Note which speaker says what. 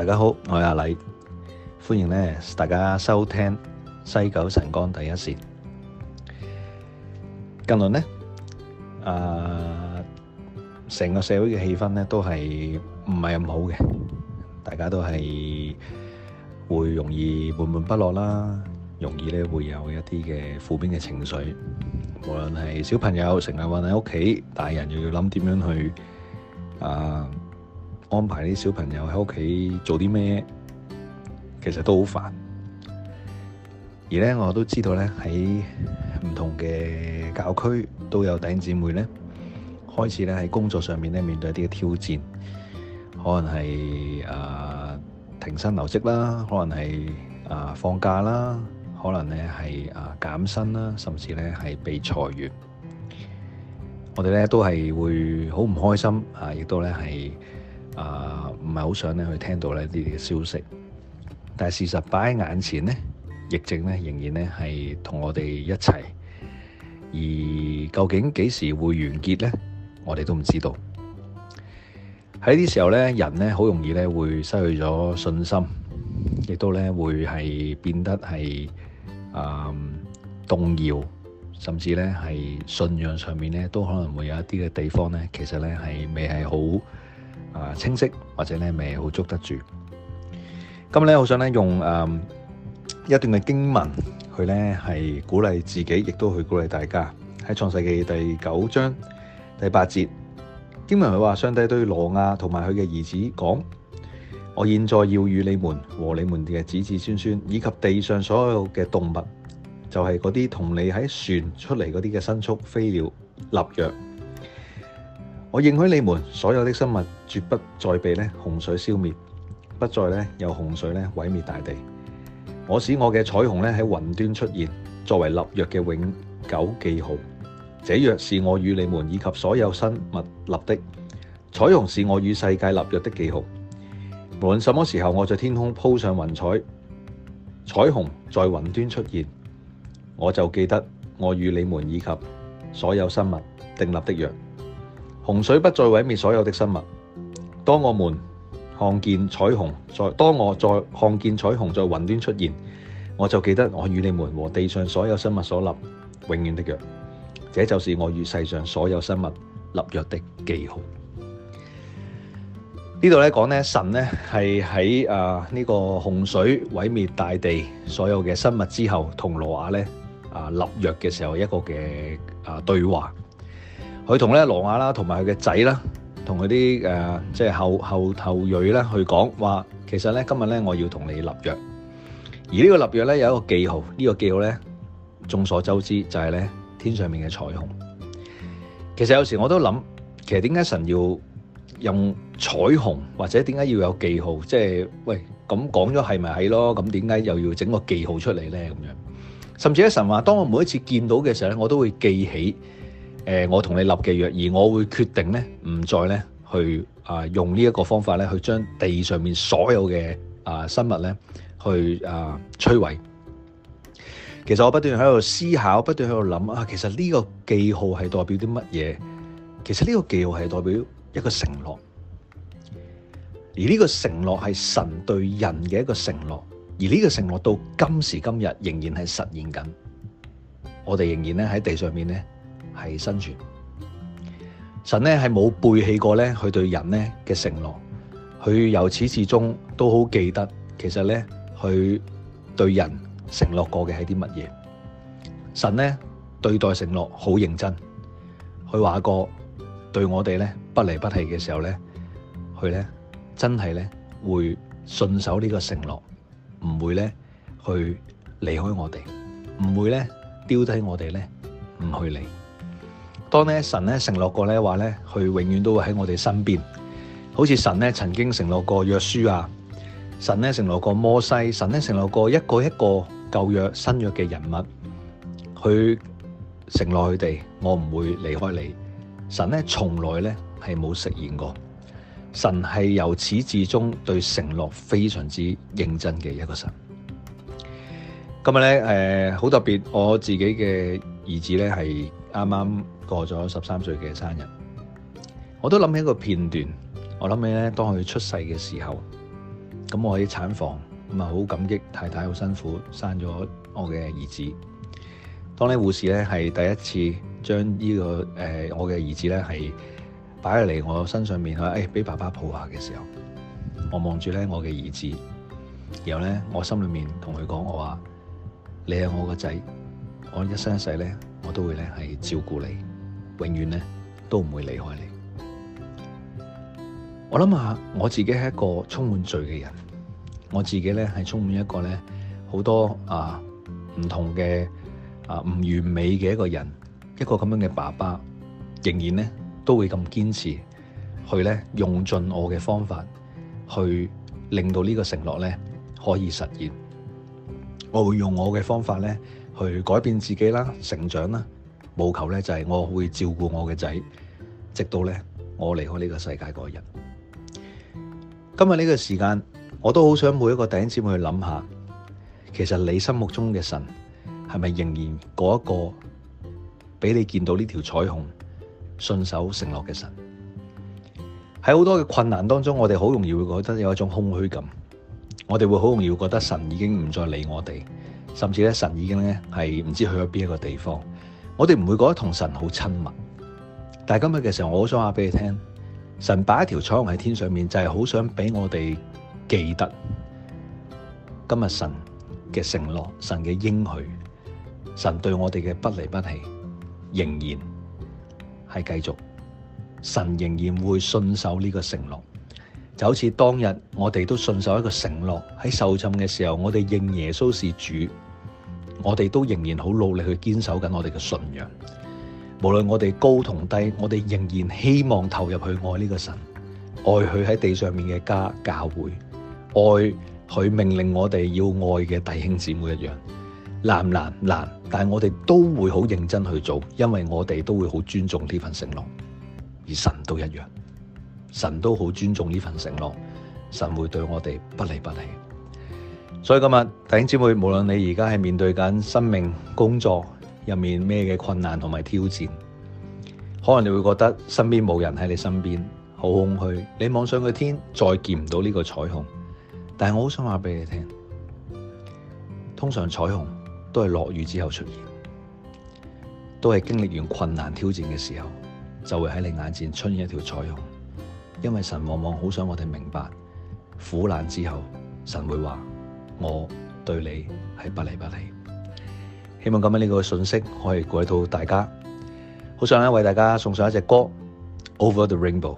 Speaker 1: 大家好，我係阿禮，歡迎咧大家收聽西九晨光第一線。近來咧，啊，成個社會嘅氣氛咧都係唔係咁好嘅，大家都係會容易悶悶不樂啦，容易咧會有一啲嘅負面嘅情緒，無論係小朋友成日困喺屋企，大人又要諗點樣去啊。安排啲小朋友喺屋企做啲咩，其實都好煩。而咧，我都知道咧，喺唔同嘅教區都有弟兄姊妹咧，開始咧喺工作上面咧面對一啲嘅挑戰，可能係啊、呃、停薪留職啦，可能係啊、呃、放假啦，可能咧係啊減薪啦，甚至咧係被裁員。我哋咧都係會好唔開心啊，亦都咧係。啊，唔係好想咧去聽到呢啲嘅消息，但係事實擺喺眼前咧，疫症咧仍然咧係同我哋一齊。而究竟幾時會完結呢？我哋都唔知道。喺呢時候咧，人咧好容易咧會失去咗信心，亦都咧會係變得係啊動搖，甚至咧係信仰上面咧都可能會有一啲嘅地方咧，其實咧係未係好。啊，清晰或者咧未好捉得住。今日咧，我想咧用誒一段嘅經文去咧係鼓勵自己，亦都去鼓勵大家。喺創世記第九章第八節，經文佢話上帝對挪亞同埋佢嘅兒子講：我現在要與你們和你們嘅子子孫孫，以及地上所有嘅動物，就係嗰啲同你喺船出嚟嗰啲嘅牲畜飛鳥立約。我應許你們，所有的生物絕不再被洪水消滅，不再有洪水毀滅大地。我使我嘅彩虹咧喺雲端出現，作為立約嘅永久記號。這約是我與你們以及所有生物立的。彩虹是我與世界立約的記號。無論什麼時候，我在天空鋪上雲彩，彩虹在雲端出現，我就記得我與你們以及所有生物訂立的約。洪水不再毀滅所有的生物。當我們看見彩虹，在當我再看見彩虹在雲端出現，我就記得我與你們和地上所有生物所立永遠的約。這就是我與世上所有生物立約的記號。呢度咧講咧，神咧係喺啊呢個洪水毀滅大地所有嘅生物之後，同挪亞咧啊立約嘅時候一個嘅啊對話。佢同咧羅亞啦，同埋佢嘅仔啦，同佢啲誒即係後後後裔咧，去講話。其實咧，今日咧，我要同你立約。而呢個立約咧，有一個記號。呢個記號咧，眾所周知就係咧天上面嘅彩虹。其實有時我都諗，其實點解神要用彩虹或者點解要有記號？即係喂咁講咗係咪係咯？咁點解又要整個記號出嚟咧？咁樣甚至咧，神話當我每一次見到嘅時候咧，我都會記起。誒，我同你立嘅約，而我會決定咧，唔再咧去啊，用呢一個方法咧，去將地上面所有嘅啊生物咧，去啊摧毀。其實我不斷喺度思考，不斷喺度諗啊，其實呢個記號係代表啲乜嘢？其實呢個記號係代表一個承諾，而呢個承諾係神對人嘅一個承諾，而呢個承諾到今時今日仍然係實現緊。我哋仍然咧喺地上面咧。係生存，神咧係冇背棄過咧，佢對人咧嘅承諾，佢由始至終都好記得。其實咧，佢對人承諾過嘅係啲乜嘢？神咧對待承諾好認真，佢話過對我哋咧不離不棄嘅時候咧，佢咧真係咧會信守呢個承諾，唔會咧去離開我哋，唔會咧丟低我哋咧唔去理。當咧神咧承諾過咧話咧，佢永遠都會喺我哋身邊，好似神咧曾經承諾過約書亞，神咧承諾過摩西，神咧承諾過一個一個舊約新約嘅人物，佢承諾佢哋，我唔會離開你。神咧從來咧係冇實現過，神係由始至終對承諾非常之認真嘅一個神。今日咧誒，好特別，我自己嘅兒子咧係啱啱。過咗十三歲嘅生日，我都諗起一個片段。我諗起咧，當佢出世嘅時候，咁我喺產房，咁啊好感激太太好辛苦生咗我嘅兒子。當護呢護士咧係第一次將呢、這個誒、呃、我嘅兒子咧係擺喺嚟，我身上面，誒俾、哎、爸爸抱下嘅時候，我望住咧我嘅兒子，然後咧我心裏面同佢講，是我話你係我個仔，我一生一世咧我都會咧係照顧你。永遠咧都唔會離開你。我諗下我自己係一個充滿罪嘅人，我自己咧係充滿一個咧好多啊唔同嘅啊唔完美嘅一個人。一個咁樣嘅爸爸，仍然咧都會咁堅持去咧用盡我嘅方法去令到呢個承諾咧可以實現。我會用我嘅方法咧去改變自己啦，成長啦。務求咧就係我會照顧我嘅仔，直到咧我離開呢個世界嗰日。今日呢個時間，我都好想每一個弟兄姊妹去諗下，其實你心目中嘅神係咪仍然嗰一個俾你見到呢條彩虹、信守承諾嘅神？喺好多嘅困難當中，我哋好容易會覺得有一種空虛感，我哋會好容易會覺得神已經唔再理我哋，甚至咧神已經咧係唔知去咗邊一個地方。我哋唔會覺得同神好親密，但係今日嘅時候，我好想話俾你聽，神擺一條彩虹喺天上面，就係好想俾我哋記得今日神嘅承諾，神嘅應許，神對我哋嘅不離不棄，仍然係繼續，神仍然會信守呢個承諾，就好似當日我哋都信守一個承諾，喺受浸嘅時候，我哋認耶穌是主。我哋都仍然好努力去堅守緊我哋嘅信仰，無論我哋高同低，我哋仍然希望投入去愛呢個神，愛佢喺地上面嘅家教會，愛佢命令我哋要愛嘅弟兄姊妹一樣，難唔難？難，但係我哋都會好認真去做，因為我哋都會好尊重呢份承諾，而神都一樣，神都好尊重呢份承諾，神會對我哋不離不棄。所以今日弟兄姐妹，無論你而家係面對緊生命、工作入面咩嘅困難同埋挑戰，可能你會覺得身邊冇人喺你身邊，好空虛。你望上個天再見唔到呢個彩虹，但係我好想話俾你聽，通常彩虹都係落雨之後出現，都係經歷完困難挑戰嘅時候，就會喺你眼前出現一條彩虹。因為神往往好想我哋明白，苦難之後，神會話。我對你係不離不棄，希望今日呢個信息可以改到大家。好想咧，為大家送上一隻歌，Over the Rainbow。